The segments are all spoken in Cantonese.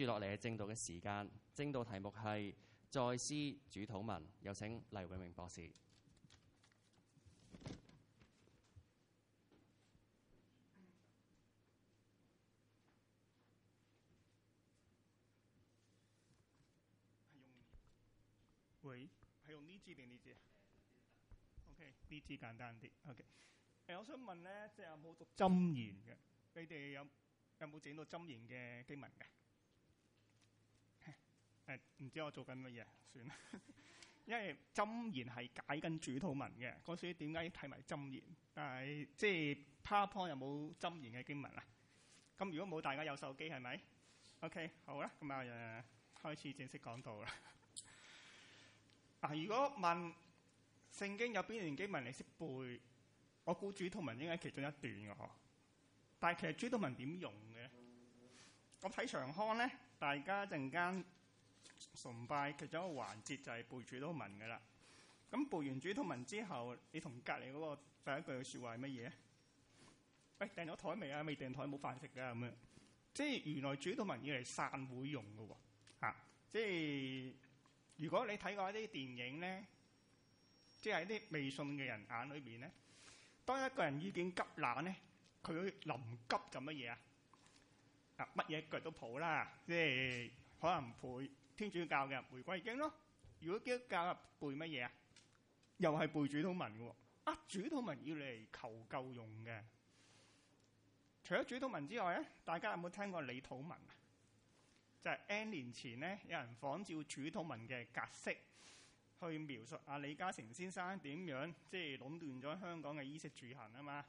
接落嚟嘅正道嘅時間，正道題目係再思主土文，有請黎永明博士。喂，係用呢支定呢支？OK，呢支簡單啲。OK，誒，我想問咧，即係有冇讀針研嘅？你哋有有冇整到針研嘅經文嘅？唔知我做緊乜嘢？算啦， 因為箴言係解緊主禱文嘅，嗰所以點解要睇埋箴言？但係即係 power point 有冇箴言嘅經文啊？咁如果冇，大家有手機係咪？OK，好啦，咁啊，開始正式講道啦。嗱，如果問聖經有邊段經文你識背，我估主禱文應該其中一段嘅嗬。但係其實主禱文點用嘅？我睇長康咧，大家一陣間。崇拜其中一個環節就係背住嗰套文噶啦，咁背完這套文之後，你同隔離嗰個第一句説話係乜嘢？喂、哎，訂咗台未啊？未訂台冇飯食噶咁樣，即係原來這套文要嚟散會用噶喎、啊，即係如果你睇過一啲電影咧，即係喺啲未信嘅人眼裏邊咧，當一個人意見急冷咧，佢臨急咁乜嘢啊？啊，乜嘢腳都抱啦，即係可能唔背。天主教嘅《玫瑰經》咯，如果基督教背乜嘢啊？又係背主禱文嘅、哦，啊主禱文要嚟求救用嘅。除咗主禱文之外咧，大家有冇聽過李禱文啊？就係、是、N 年前咧，有人仿照主禱文嘅格式去描述啊李嘉誠先生點樣即係、就是、壟斷咗香港嘅衣食住行啊嘛。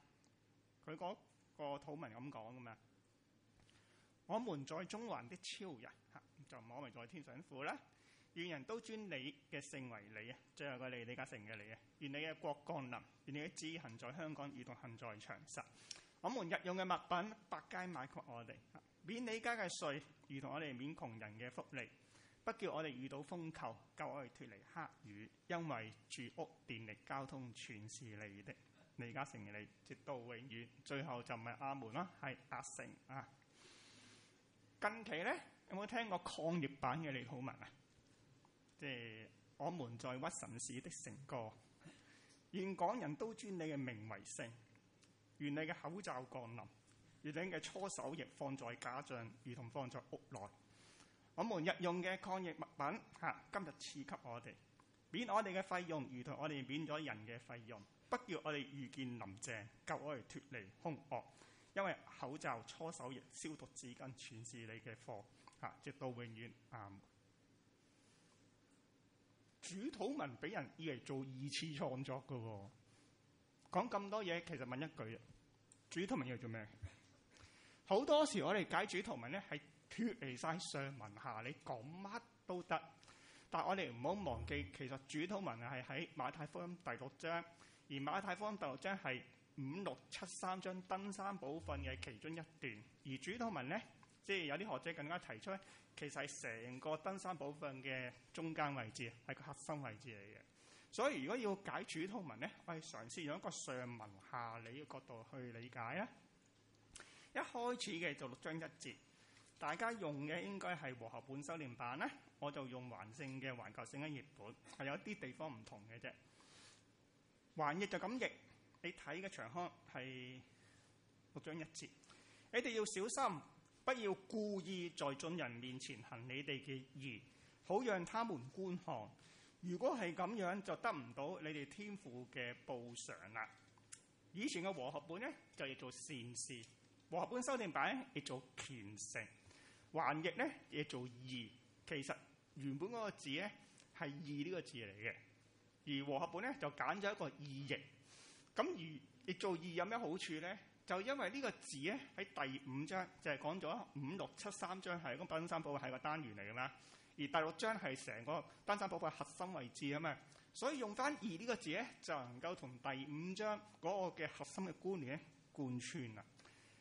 佢講個禱文咁講嘅嘛，我們在中環的超人。就唔可謂在天上富啦，願人都尊你嘅姓為李，啊，最後個李李嘉誠嘅李。啊，願你嘅國降臨，願你嘅治行在香港如同行在長實。我們日用嘅物品百佳買給我哋，免李家嘅稅，如同我哋免窮人嘅福利，不叫我哋遇到風球，救我哋脫離黑雨，因為住屋、電力、交通全是你的，李嘉誠嘅李，直到永遠。最後就唔係阿門啦，係阿成啊。近期咧。有冇聽過抗疫版嘅李好文啊？即、就、係、是、我們在屈臣氏的聖歌，願港人都尊你嘅名為聖，願你嘅口罩降臨，願你嘅搓手液放在假象，如同放在屋內。我們日用嘅抗疫物品，吓、啊、今日賜給我哋，免我哋嘅費用，如同我哋免咗人嘅費用，不要我哋遇見林鄭，救我哋脫離凶惡，因為口罩、搓手液、消毒紙巾，全是你嘅貨。啊！直到永遠啱、嗯。主土文俾人以為做二次創作嘅喎、哦，講咁多嘢，其實問一句：主土文要做咩？好多時我哋解主土文咧，係脱離晒上文下，你講乜都得。但係我哋唔好忘記，其實主土文係喺馬太福音第六章，而馬太福音第六章係五六七三章登山寶訓嘅其中一段，而主土文咧。即係有啲學者更加提出，其實係成個登山寶訓嘅中間位置，係個核心位置嚟嘅。所以如果要解主禱文咧，我哋嘗試用一個上文下理嘅角度去理解啊。一開始嘅就是六章一節，大家用嘅應該係和合本修訂版咧，我就用環聖嘅環球聖經譯本，係有啲地方唔同嘅啫。環譯就咁譯，你睇嘅長腔係六章一節，你哋要小心。不要故意在眾人面前行你哋嘅義，好讓他們觀看。如果係咁樣，就得唔到你哋天父嘅報償啦。以前嘅和合本咧，就係做善事；和合本修訂版咧，亦做虔誠。還譯咧，亦做義。其實原本嗰個字咧係義呢個字嚟嘅，而和合本咧就揀咗一個意譯。咁如亦做義有咩好處咧？就因為呢個字咧，喺第五章就係講咗五六七三章係個登山寶訓係個單元嚟嘅嘛。而第六章係成個登山寶訓嘅核心位置啊嘛。所以用翻而呢個字咧，就能夠同第五章嗰個嘅核心嘅觀念貫穿啦。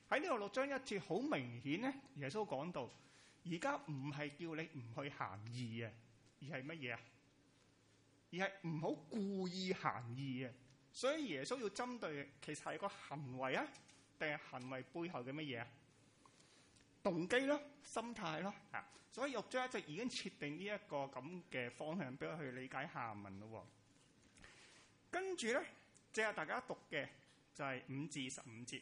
喺呢個六章一節好明顯咧，耶穌講到：「而家唔係叫你唔去行義啊，而係乜嘢啊？而係唔好故意行義啊。」所以耶穌要針對其實係個行為啊。定係行為背後嘅乜嘢啊？動機咯，心態咯，啊！所以玉咗一直已經設定呢一個咁嘅方向俾佢去理解下文咯。跟住咧，即係大家讀嘅就係、是、五至十五節。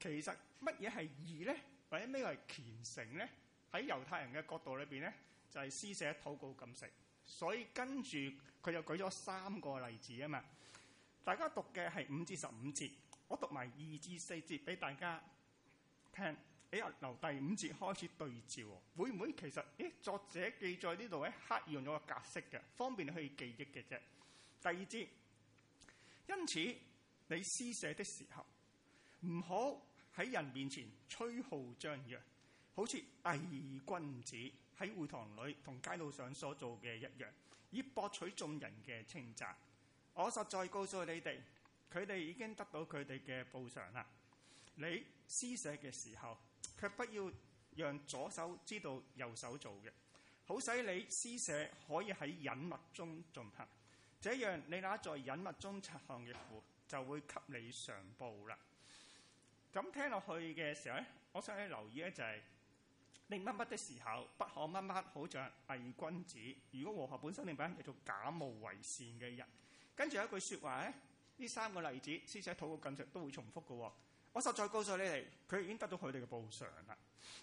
其實乜嘢係義咧，或者咩係虔誠咧？喺猶太人嘅角度裏邊咧，就係施捨、禱告、禁食。所以跟住佢就舉咗三個例子啊嘛。大家讀嘅係五至十五節。我讀埋二至四節俾大家聽，你、哎、又留第五節開始對照，會唔會其實？誒、哎，作者記載呢度喺刻意用咗個格式嘅，方便你去記憶嘅啫。第二節，因此你施捨的時候，唔好喺人面前吹號張揚，好似偽君子喺會堂裏同街道上所做嘅一樣，以博取眾人嘅稱讚。我實在告訴你哋。佢哋已經得到佢哋嘅報償啦。你施捨嘅時候，卻不要讓左手知道右手做嘅，好使你施捨可以喺隱密中進行。這樣你那在隱密中執行嘅父，就會給你上報啦。咁聽落去嘅時候咧，我想你留意咧就係、是、你乜乜的時候不可乜乜，什麼什麼好像偽君子。如果和合本身你唔叫做假冒為善嘅人，跟住有一句説話咧，呢三個例子，施捨、禱告、禁食都會重複噶、哦。我實在告訴你哋，佢已經得到佢哋嘅報償啦。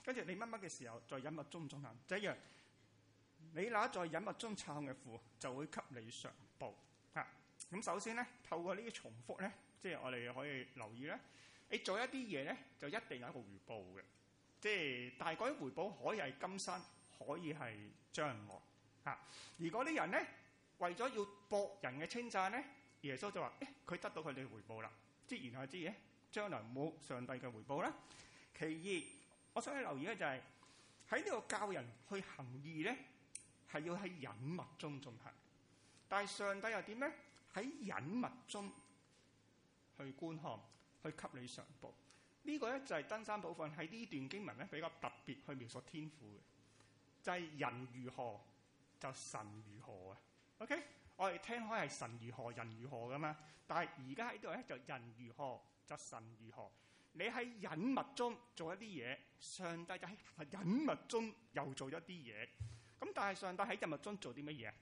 跟住你乜乜嘅時候，在隱密中唔中行就一樣，你那在隱密中撐嘅父就會給你上報。嚇、啊！咁首先咧，透過呢啲重複咧，即係我哋可以留意咧，你做一啲嘢咧，就一定有一個預報嘅。即係大概嘅回報可以係金山，可以係將來。嚇、啊！而嗰啲人咧，為咗要博人嘅稱讚咧。耶穌就話，誒，佢得到佢哋回報啦，即然以下之嘢，將來冇上帝嘅回報啦。其二，我想去留意咧，就係喺呢個教人去行義咧，係要喺隱密中進行。但係上帝又點咧？喺隱密中去觀看，去給你上報。呢、這個咧就係登山寶訓。喺呢段經文咧比較特別去描述天父嘅，就係、是、人如何，就神如何啊。OK。我哋聽開係神如何，人如何噶嘛？但係而家喺度咧就人如何，就神如何。你喺隱密中做一啲嘢，上帝就喺隱密中又做一啲嘢。咁但係上帝喺隱密中做啲乜嘢？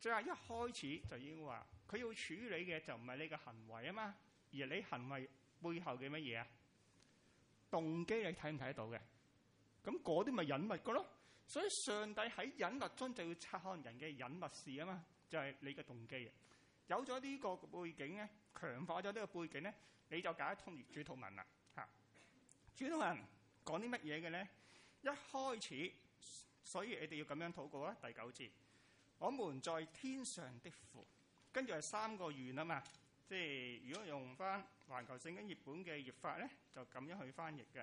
即係一開始就要話，佢要處理嘅就唔係你嘅行為啊嘛，而你行為背後嘅乜嘢啊？動機你睇唔睇得到嘅？咁嗰啲咪隱密噶咯？所以上帝喺隱密中就要察看人嘅隱密事啊嘛，就係、是、你嘅動機啊！有咗呢個背景咧，強化咗呢個背景咧，你就搞得通主禱文啦嚇。主禱文講啲乜嘢嘅咧？一開始，所以你哋要咁樣禱告啊！第九節，我們在天上的父，跟住係三個願啊嘛，即係如果用翻環球聖經譯本嘅譯法咧，就咁樣去翻譯嘅。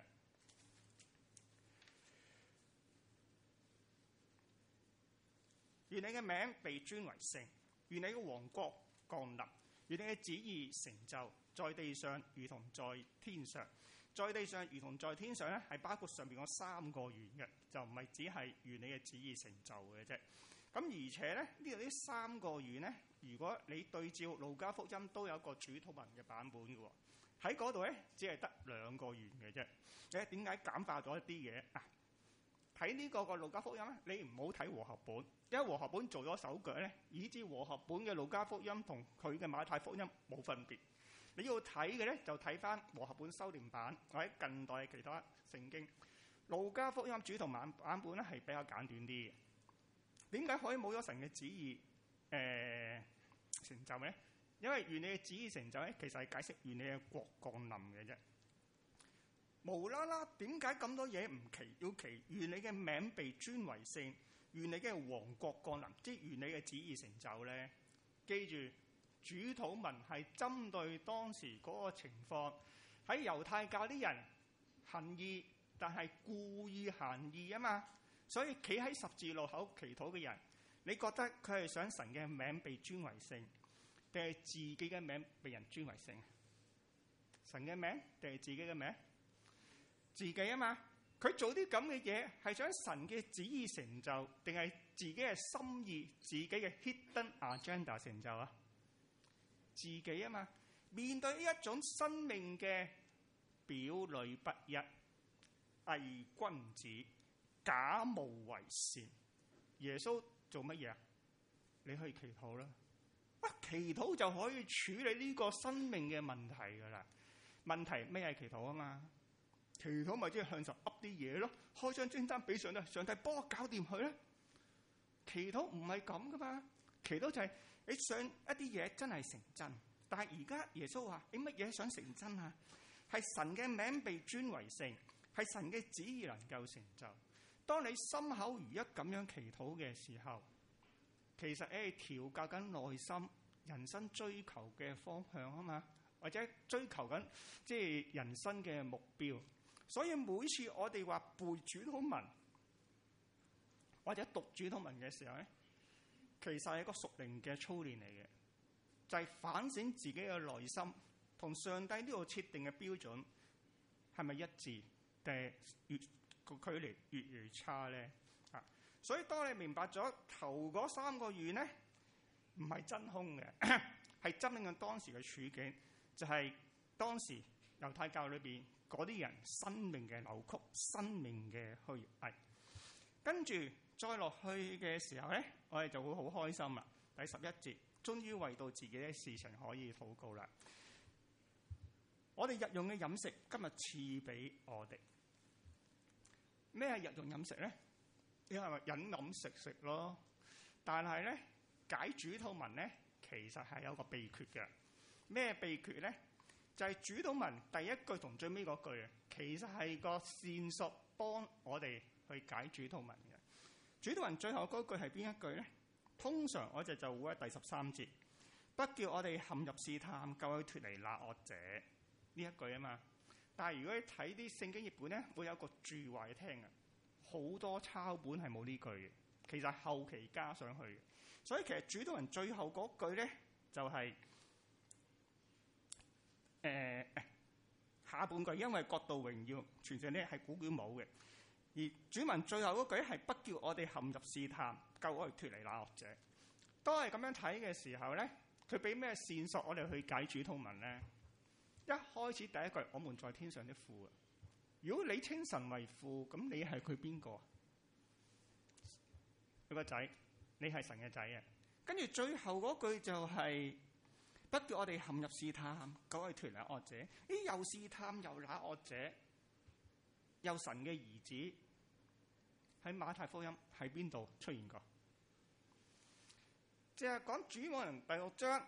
願你嘅名被尊為聖，願你嘅王國降臨，願你嘅旨意成就在地上，如同在天上。在地上如同在天上咧，係包括上邊嗰三個願嘅，就唔係只係願你嘅旨意成就嘅啫。咁而且咧，呢度呢三個願咧，如果你對照路加福音，都有個主禱文嘅版本嘅喎，喺嗰度咧，只係得兩個願嘅啫。誒，點解簡化咗一啲嘢？睇呢個個路加福音咧，你唔好睇和合本，因為和合本做咗手腳咧，以至和合本嘅路加福音同佢嘅馬太福音冇分別。你要睇嘅咧，就睇翻和合本修訂版或者近代其他聖經路加福音主同版版本咧，係比較簡短啲嘅。點解可以冇咗神嘅旨意誒、呃、成就咧？因為願你嘅旨意成就咧，其實係解釋願你嘅國降臨嘅啫。無啦啦，點解咁多嘢唔祈？要祈，願你嘅名被尊為聖，願你嘅王國降臨，即係願你嘅旨意成就咧。記住，主禱文係針對當時嗰個情況，喺猶太教啲人行義，但係故意行義啊嘛。所以企喺十字路口祈禱嘅人，你覺得佢係想神嘅名被尊為聖，定係自己嘅名被人尊為聖啊？神嘅名定係自己嘅名？自己啊嘛，佢做啲咁嘅嘢，係想神嘅旨意成就，定係自己嘅心意、自己嘅 hidden agenda 成就啊？自己啊嘛，面對呢一種生命嘅表裏不一、偽君子、假冒為善，耶穌做乜嘢啊？你去祈禱啦，啊祈禱就可以處理呢個生命嘅問題噶啦。問題咩係祈禱啊嘛？祈禱咪即係向上噏啲嘢咯，開張專單俾上咧，上帝幫我搞掂佢咧。祈禱唔係咁噶嘛，祈禱就係你想一啲嘢真係成真。但係而家耶穌話：你乜嘢想成真啊？係神嘅名被尊為聖，係神嘅旨意能夠成就。當你心口如一咁樣祈禱嘅時候，其實誒調教緊內心、人生追求嘅方向啊嘛，或者追求緊即係人生嘅目標。所以每次我哋話背主禱文或者讀主禱文嘅時候咧，其實係一個屬靈嘅操練嚟嘅，就係、是、反省自己嘅內心同上帝呢個設定嘅標準係咪一致，定係越個距離越嚟越差咧？啊！所以當你明白咗頭嗰三個月咧，唔係真空嘅，係針對緊當時嘅處境，就係、是、當時猶太教裏邊。嗰啲人生命嘅扭曲，生命嘅虛偽，跟住再落去嘅時候咧，我哋就會好開心啊！第十一節，終於為到自己嘅事情可以禱告啦！我哋日用嘅飲食，今日賜俾我哋，咩係日用飲食咧？你係咪飲飲食食咯？但係咧，解主禱文咧，其實係有個秘訣嘅。咩秘訣咧？就係、是、主導文第一句同最尾嗰句啊，其實係個線索幫我哋去解主導文嘅。主導文最後嗰句係邊一句咧？通常我哋就會喺第十三節，不叫我哋陷入試探，救我脫離那惡者呢一句啊嘛。但係如果你睇啲聖經譯本咧，會有個注話你聽嘅，好多抄本係冇呢句嘅，其實是後期加上去嘅。所以其實主導文最後嗰句咧，就係、是。誒、嗯，下半句因為國度榮耀，傳說，呢係古卷冇嘅。而主文最後嗰句係不叫我哋陷入試探，救我哋脫離那惡者。都係咁樣睇嘅時候咧，佢俾咩線索我哋去解主禱文咧？一開始第一句，我們在天上的父。如果你稱神為父，咁你係佢邊個啊？佢個仔，你係神嘅仔啊！跟住最後嗰句就係、是。不叫我哋陷入試探，嗰位脫離惡者，啲又試探又揦惡者，又神嘅兒子喺馬太福音喺邊度出現過？即係講主禱文第六章，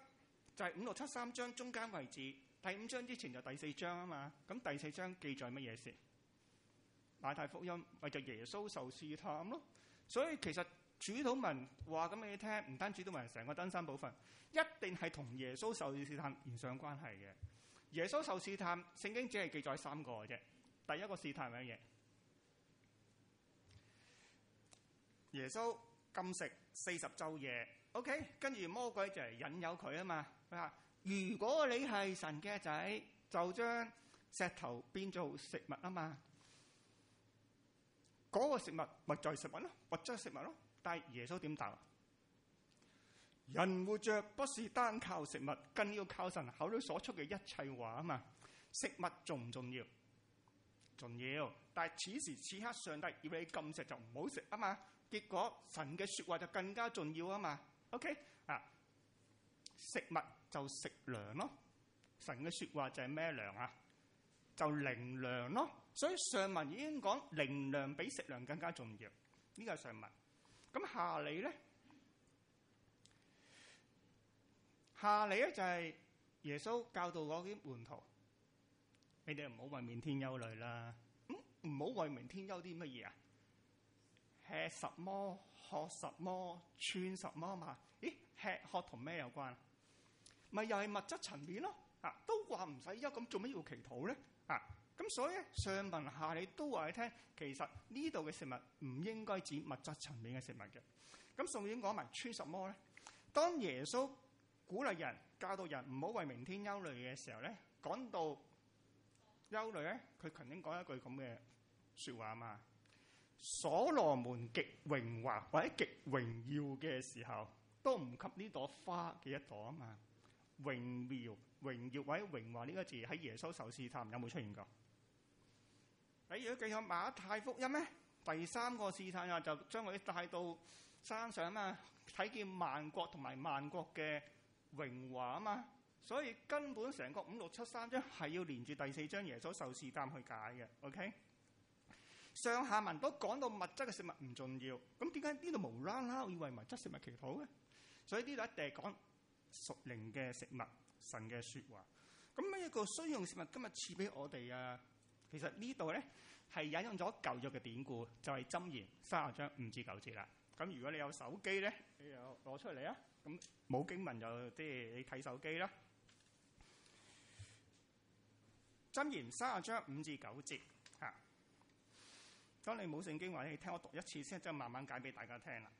就係、是、五六七三章中間位置，第五章之前就第四章啊嘛。咁第四章記載乜嘢事？馬太福音咪就是、耶穌受試探咯。所以其實。主禱文話咁俾你聽，唔單主禱文，成個登山部分一定係同耶穌受試探唔上關係嘅。耶穌受試探，聖經只係記載三個嘅啫。第一個試探係乜嘢？耶穌禁食四十晝夜，OK，跟住魔鬼就嚟引誘佢啊嘛。佢話：如果你係神嘅仔，就將石頭變做食物啊嘛。嗰個食物咪就係食物咯，或即係食物咯。但耶穌點答？人活着不是單靠食物，更要靠神口裏所出嘅一切話啊嘛，食物重唔重要？重要，但係此時此刻上帝要你禁食就唔好食啊嘛，結果神嘅說話就更加重要啊嘛，OK 啊？食物就食糧咯，神嘅說話就係咩糧啊？就靈糧咯，所以上文已經講靈糧比食糧更加重要，呢個係上文。咁下嚟咧，下嚟咧就係耶穌教導嗰啲門徒，你哋唔好為明天憂慮啦。咁唔好為明天憂啲乜嘢啊？吃什麼，喝什麼，穿什麼啊嘛？咦，吃喝同咩有關？咪又係物質層面咯？啊，都話唔使憂，咁做乜要祈禱咧？啊？咁所以咧，上文下理都話你聽，其實呢度嘅食物唔應該指物質層面嘅食物嘅。咁順便講埋穿什麼咧？當耶穌鼓勵人、教導人唔好為明天憂慮嘅時候咧，講到憂慮咧，佢曾經講一句咁嘅說話嘛。所羅門極榮華或者極榮耀嘅時候，都唔及呢朵花嘅一朵啊嘛。榮耀、榮耀或者榮華呢個字喺耶穌受試探有冇出現過？喺如果記起馬太福音咧，第三個試探啊，就將佢帶到山上啊嘛，睇見萬國同埋萬國嘅榮華啊嘛，所以根本成個五六七三張係要連住第四張耶穌受試探去解嘅。OK，上下文都講到物質嘅食物唔重要，咁點解呢度無啦啦以為物質食物祈禱嘅？所以呢度一定係講屬靈嘅食物、神嘅説話。咁呢一個需用食物今日賜俾我哋啊！其實這裏呢度咧係引用咗舊約嘅典故，就係、是《箴言》三卅章五至九節啦。咁如果你有手機咧，你又攞出嚟啊！咁冇經文就即係你睇手機啦。針《箴言》三卅章五至九節嚇。當你冇聖經話，你聽我讀一次先，即係慢慢解俾大家聽啦。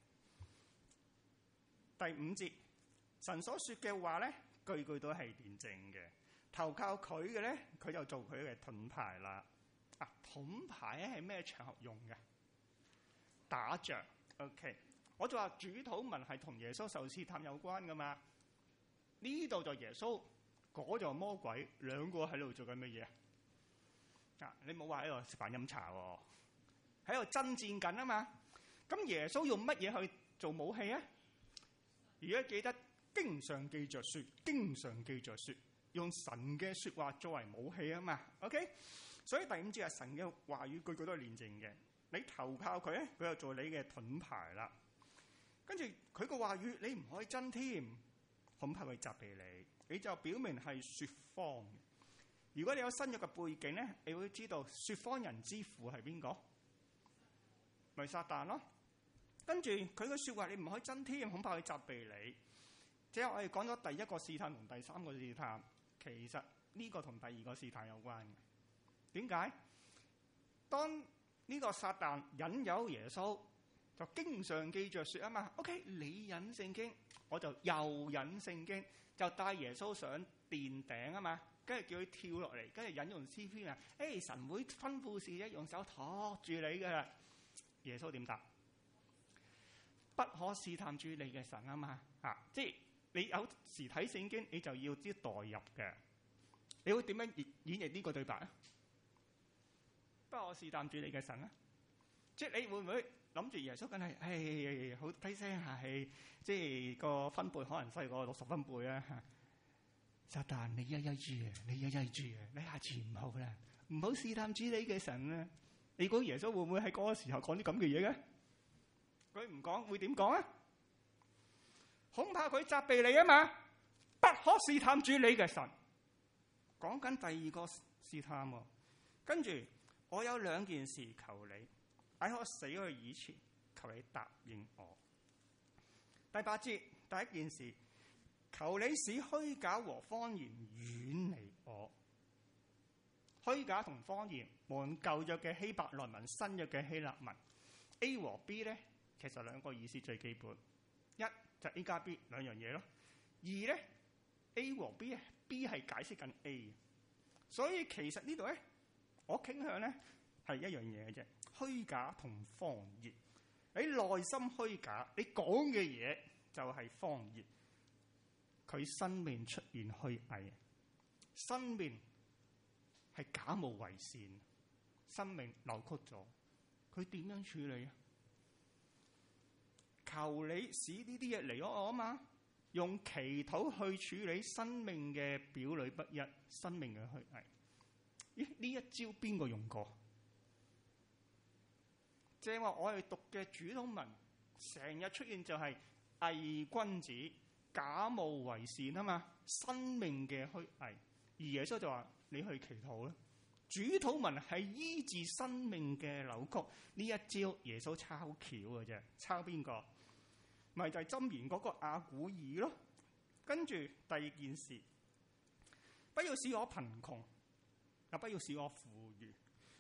第五節，神所說嘅話咧，句句都係煉淨嘅。投靠佢嘅咧，佢就做佢嘅盾牌啦。啊，盾牌係咩場合用嘅？打仗，OK，我就話主禱文係同耶穌受試探有關噶嘛？呢度就耶穌，嗰，就魔鬼，兩個喺度做緊乜嘢啊？啊，你冇話喺度食飯飲茶喎，啊，喺度爭戰緊啊嘛。咁耶穌用乜嘢去做武器啊？而家記得經常記着說，經常記着說。用神嘅說話作為武器啊嘛，OK？所以第五節係神嘅話語，句句都係煉淨嘅。你投靠佢咧，佢就做你嘅盾牌啦。跟住佢嘅話語，你唔可以增添，恐怕佢責備你。你就表明係說謊。如果你有新約嘅背景咧，你會知道說謊人之父係邊個？咪、就是、撒旦咯。跟住佢嘅說話，你唔可以增添，恐怕佢責備你。即係我哋講咗第一個試探同第三個試探。其實呢個同第二個試探有關嘅，點解？當呢個撒旦引誘耶穌，就經常記著說啊嘛，O、OK, K，你引聖經，我就又引聖經，就帶耶穌上殿頂啊嘛，跟住叫佢跳落嚟，跟住引用詩篇啊，誒，神會吩咐使者用手托住你嘅啦，耶穌點答？不可試探主你嘅神啊嘛，啊，即係。你有時睇聖經，你就要知代入嘅。你會點樣演演繹呢個對白啊？不過我試探住你嘅神啊，即係你會唔會諗住耶穌梗係？唉，好低聲，係即係個分貝可能細過六十分貝啦。撒旦，你依依住，你依依住，你下次唔好啦，唔好試探住你嘅神啦。你估耶穌會唔會喺嗰個時候講啲咁嘅嘢嘅？佢唔講，會點講啊？恐怕佢責備你啊嘛，不可試探主你嘅神。講緊第二個試探喎，跟住我有兩件事求你，喺我死去以前求你答應我。第八節第一件事，求你使虛假和謊言遠離我。虛假同謊言，無論舊約嘅希伯來文，新約嘅希臘文。A 和 B 呢，其實兩個意思最基本一。就 A 加 B 兩樣嘢咯。二咧 A 和 B，B 係解釋緊 A，所以其實呢度咧，我傾向咧係一樣嘢嘅啫，虛假同謊言。你內心虛假，你講嘅嘢就係謊言。佢生命出現虛偽，生命係假冒為善，生命扭曲咗，佢點樣處理啊？求你使呢啲嘢嚟咗我啊嘛！用祈禱去處理生命嘅表裏不一、生命嘅虛偽。咦？呢一招邊個用過？正係話我哋讀嘅主禱文，成日出現就係偽君子、假冒為善啊嘛！生命嘅虛偽，而耶穌就話你去祈禱啦。主禱文係醫治生命嘅扭曲。呢一招耶穌抄橋嘅啫，抄邊個？咪就係箴言嗰個亞古爾咯，跟住第二件事，不要使我貧窮，也不要使我富裕，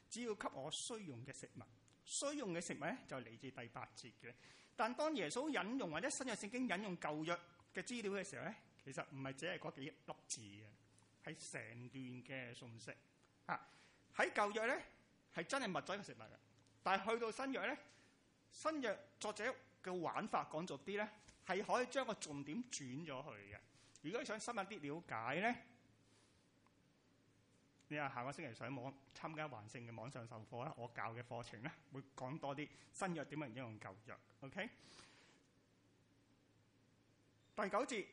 只要給我需用嘅食物。需用嘅食物咧就嚟自第八節嘅。但當耶穌引用或者新約聖經引用舊約嘅資料嘅時候咧，其實唔係只係嗰幾粒字嘅，係成段嘅信息。嚇，喺舊約咧係真係物質嘅食物嘅，但係去到新約咧，新約作者。要玩法講俗啲咧，係可以將個重點轉咗去嘅。如果你想深入啲了解咧，你啊下個星期上網參加環聖嘅網上授課啦，我教嘅課程咧會講多啲新藥點樣應用舊藥。OK，第九節，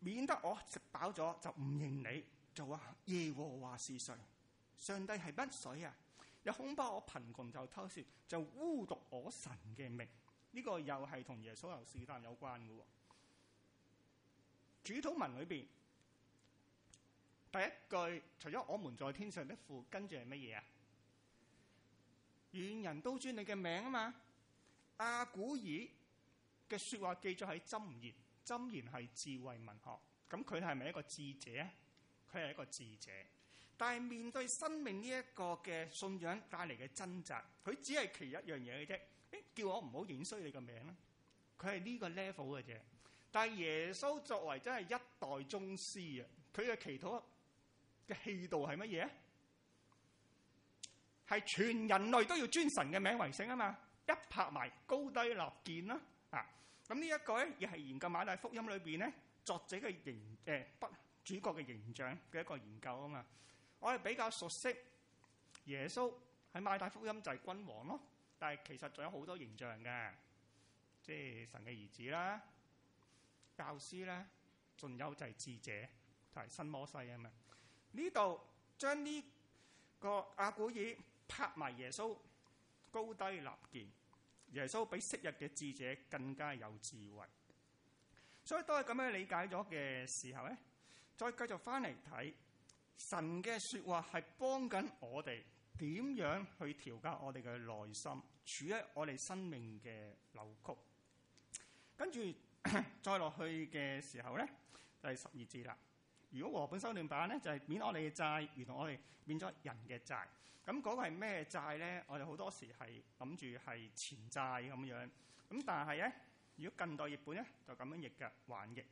免得我食飽咗就唔認你，就話耶和華是誰？上帝係乜水啊？有恐怕我貧窮就偷竊，就污穢我神嘅名。呢、這個又係同耶穌受試探有關嘅喎。主禱文裏邊第一句，除咗我們在天上的父，跟住係乜嘢啊？願人都尊你嘅名啊嘛。阿古爾嘅說話記咗喺箴言，箴言係智慧文學。咁佢係咪一個智者？佢係一個智者，但係面對生命呢一個嘅信仰帶嚟嘅掙扎，佢只係其一樣嘢嘅啫。叫我唔好影衰你個名啦，佢係呢個 level 嘅啫。但係耶穌作為真係一代宗師啊，佢嘅祈禱嘅氣度係乜嘢啊？係全人類都要尊神嘅名為聖啊嘛！一拍埋高低立見啦啊！咁呢一個咧亦係研究馬太福音裏邊咧作者嘅形，誒不主角嘅形象嘅一個研究啊嘛。我係比較熟悉耶穌喺馬太福音就係君王咯。但係其實仲有好多形象嘅，即係神嘅兒子啦、教師啦，仲有就係智者，就係、是、新摩西啊嘛。呢度將呢個阿古爾拍埋耶穌，高低立見，耶穌比昔日嘅智者更加有智慧。所以當我咁樣理解咗嘅時候咧，再繼續翻嚟睇神嘅説話係幫緊我哋。點樣去調教我哋嘅內心，處理我哋生命嘅扭曲？跟住再落去嘅時候咧，第十二節啦。如果和本修定版咧，就係、是、免我哋嘅債，如同我哋免咗人嘅債。咁、那、嗰個係咩債咧？我哋好多時係諗住係前債咁樣。咁但係咧，如果近代日本咧，就咁樣譯嘅還嘅。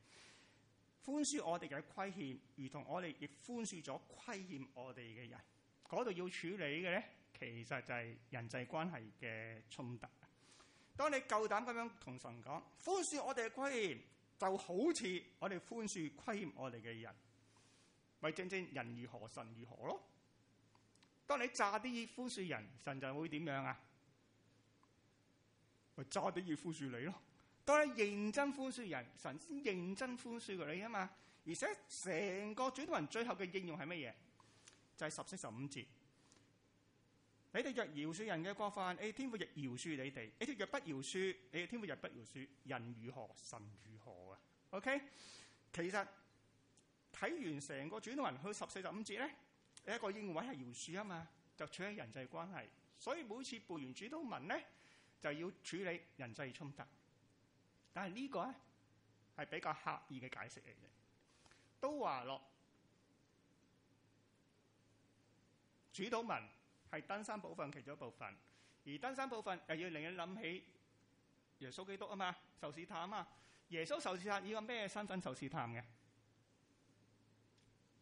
寬恕我哋嘅虧欠，如同我哋亦寬恕咗虧欠我哋嘅人。嗰度要處理嘅咧，其實就係人際關係嘅衝突。當你夠膽咁樣同神講寬恕我哋嘅虧欠，就好似我哋寬恕虧欠我哋嘅人，咪正正人如何，神如何咯？當你炸啲要寬恕人，神就會點樣啊？咪炸啲要寬恕你咯？當你認真寬恕人，神先認真寬恕過你啊嘛！而且成個主禱文最後嘅應用係乜嘢？就係、是、十四十五節，你哋若饒恕人嘅過犯，誒天父亦饒恕你哋；你哋若不饒恕，你哋天父亦不饒恕。人如何，神如何啊？OK，其實睇完成個主禱文去十四十五節咧，你一個應允係饒恕啊嘛，就處理人際關係，所以每次背完主禱文咧，就要處理人際衝突。但係呢個咧係比較刻意嘅解釋嚟嘅，都話咯。主禱文係登山部分其中一部分，而登山部分又要令人諗起耶穌基督啊嘛，受試探啊嘛。耶穌受試探，以個咩身份受試探嘅？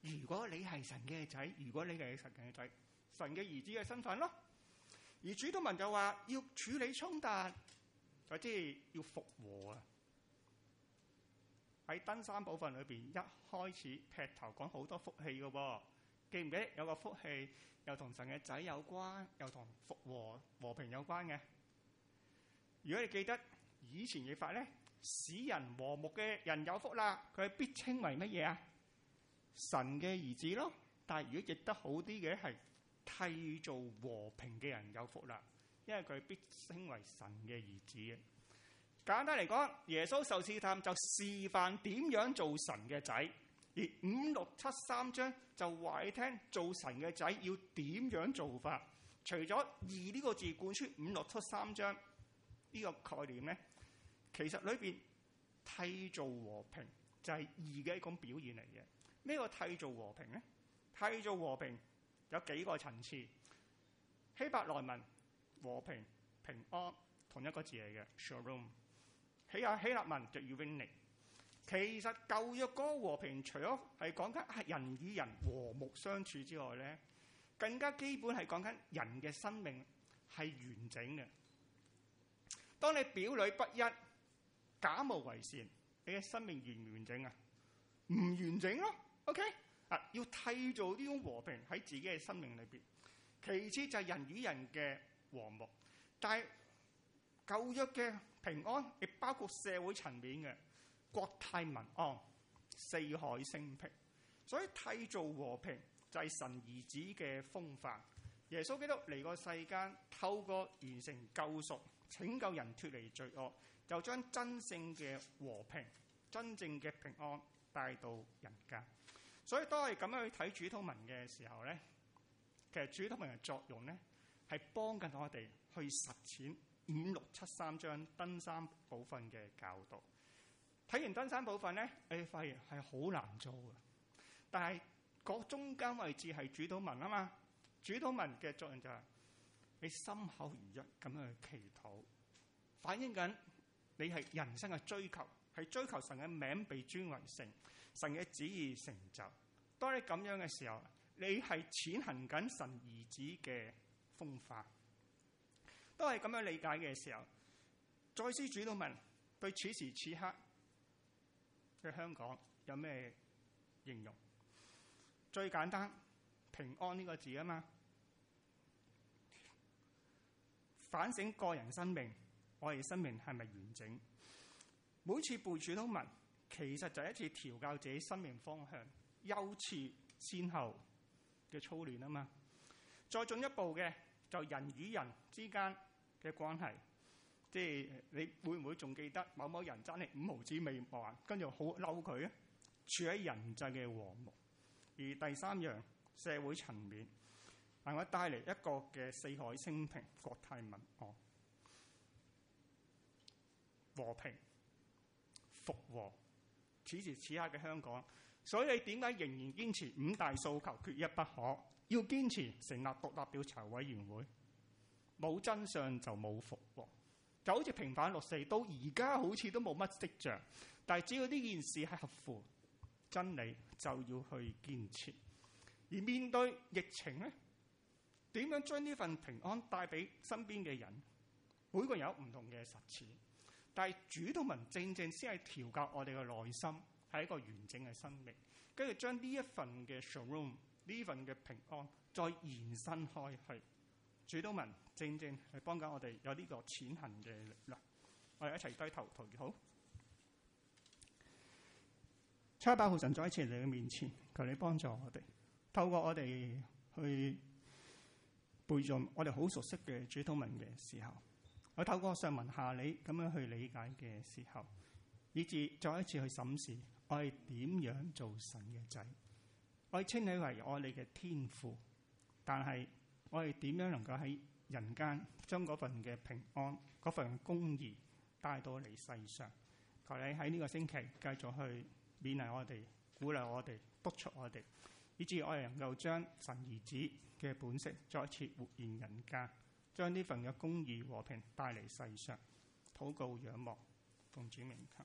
如果你係神嘅仔，如果你係神嘅仔，神嘅兒子嘅身份咯。而主禱文就話要處理衝突，或即係要復和啊。喺登山部分裏邊一開始劈頭講好多福氣嘅噃。記唔記得有個福氣又同神嘅仔有關，又同復和、和平有關嘅？如果你記得以前嘅譯法咧，使人和睦嘅人有福啦，佢必稱為乜嘢啊？神嘅兒子咯。但係如果譯得好啲嘅係締造和平嘅人有福啦，因為佢必稱為神嘅兒子嘅。簡單嚟講，耶穌受試探就示範點樣做神嘅仔。而五六七三章就話你聽，做神嘅仔要點樣做法？除咗二呢個字貫穿五六七三章呢個概念咧，其實裏邊締造和平就係二嘅一個表現嚟嘅。呢個締造和平咧，締造和平有幾個層次？希伯來文和平平安同一個字嚟嘅 Shalom，喜亞希臘文就 Eunice。其實舊約講和平，除咗係講緊係人與人和睦相處之外咧，更加基本係講緊人嘅生命係完整嘅。當你表裏不一、假冒為善，你嘅生命完唔完整啊？唔完整咯，OK 啊？要締造呢種和平喺自己嘅生命裏邊。其次就係人與人嘅和睦，但係舊約嘅平安亦包括社會層面嘅。國泰民安，四海升平。所以，締造和平就係、是、神兒子嘅風範。耶穌基督嚟過世間，透過完成救贖，拯救人脫離罪惡，就將真正嘅和平、真正嘅平安帶到人間。所以，當我哋咁樣去睇主禱文嘅時候咧，其實主禱文嘅作用咧，係幫緊我哋去實踐五六七三章登山寶訓嘅教導。睇完登山部分咧，誒發現係好難做嘅，但係嗰中間位置係主導文啊嘛，主導文嘅作用就係、是、你心口如一咁樣去祈禱，反映緊你係人生嘅追求，係追求神嘅名被尊為聖，神嘅旨意成就。當你咁樣嘅時候，你係踐行緊神兒子嘅風化。都係咁樣理解嘅時候，再之主導文對此時此刻嘅香港有咩形容？最簡單，平安呢個字啊嘛，反省個人生命，我哋生命係咪完整？每次背書都問，其實就一次調教自己生命方向、優次、先後嘅操練啊嘛。再進一步嘅，就人與人之間嘅關係。即係你會唔會仲記得某某人真係五毫子未還，跟住好嬲佢啊！處喺人際嘅和睦。而第三樣社會層面，係我帶嚟一個嘅四海清平、國泰民安、哦、和平復和。此時此刻嘅香港，所以你點解仍然堅持五大訴求缺一不可，要堅持成立獨立調查委員會，冇真相就冇復和。就好似平反六四到而家好似都冇乜迹象。但只要呢件事係合乎真理，就要去堅持。而面對疫情咧，點樣將呢份平安帶俾身邊嘅人？每個人有唔同嘅實踐，但係主導文正正先係調教我哋嘅內心，係一個完整嘅生命，跟住將呢一份嘅 shalom 呢份嘅平安再延伸開去。主禱文正正係幫緊我哋有呢個淺行嘅力量，我哋一齊低頭同好。差百號神再一次嚟你嘅面前，求你幫助我哋。透過我哋去背誦我哋好熟悉嘅主禱文嘅時候，我透過上文下理咁樣去理解嘅時候，以至再一次去審視我係點樣做神嘅仔。我稱你為我哋嘅天父，但係。我哋點樣能夠喺人間將嗰份嘅平安、嗰份公義帶到嚟世上？求你喺呢個星期繼續去勉勵我哋、鼓勵我哋、督促我哋，以至我哋能夠將神兒子嘅本色再一次活現人間，將呢份嘅公義和平帶嚟世上。禱告、仰望、奉主名求。